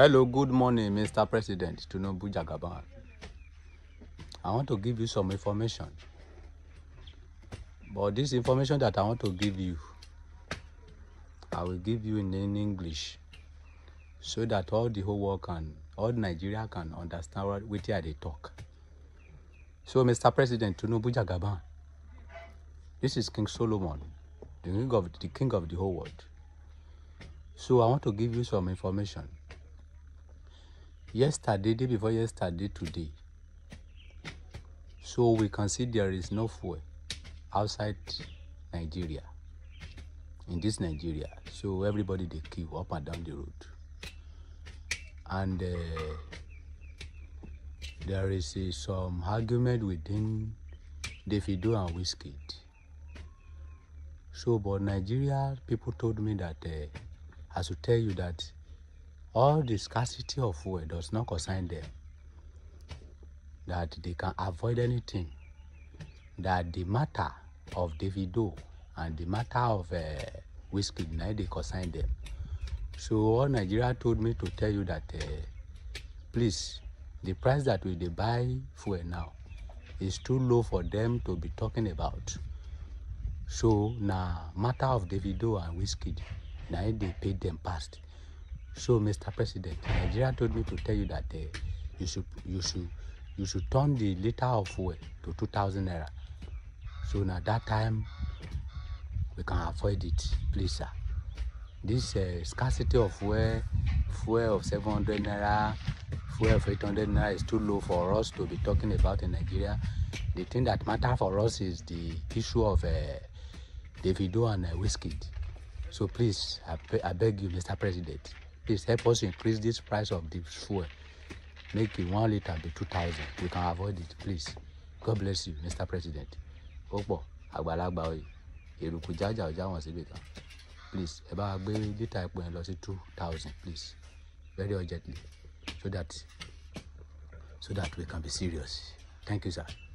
Hello, good morning, Mr. President Tunobu Jagaban. I want to give you some information. But this information that I want to give you, I will give you in, in English so that all the whole world can, all Nigeria can understand what we they talk. So, Mr. President Tunobu Jagaban, this is King Solomon, the king of the, king of the whole world. So, I want to give you some information yesterday, day before yesterday, today. So we can see there is no fuel outside Nigeria, in this Nigeria. So everybody they queue up and down the road. And uh, there is uh, some argument within Davido and Whiskey. So, but Nigeria people told me that uh, I should tell you that all the scarcity of food does not concern them. That they can avoid anything. That the matter of Davido and the matter of uh, whiskey, now they concern them. So all Nigeria told me to tell you that, uh, please, the price that we they buy fuel now is too low for them to be talking about. So now matter of Davido and whiskey, now they paid them past. So, Mr. President, Nigeria told me to tell you that uh, you should you should you should turn the liter of oil to 2,000 naira. So now that time we can avoid it, please, sir. This uh, scarcity of fuel, fuel of 700 naira, fuel of 800 naira is too low for us to be talking about in Nigeria. The thing that matter for us is the issue of uh, eh, video and uh, Whiskey. So please, I, I beg you, Mr. President, please help us increase this price of the fuel. Make it one liter be two thousand. We can avoid it, please. God bless you, Mr. President. Ó pọ̀ àgbàlagbà oyè èrùkù jájà wọn síbi kan. Please ẹ bá wa gbé lítà epo yẹn lọ sí two thousand please very urgently so that so that we can be serious. Thank you, sir.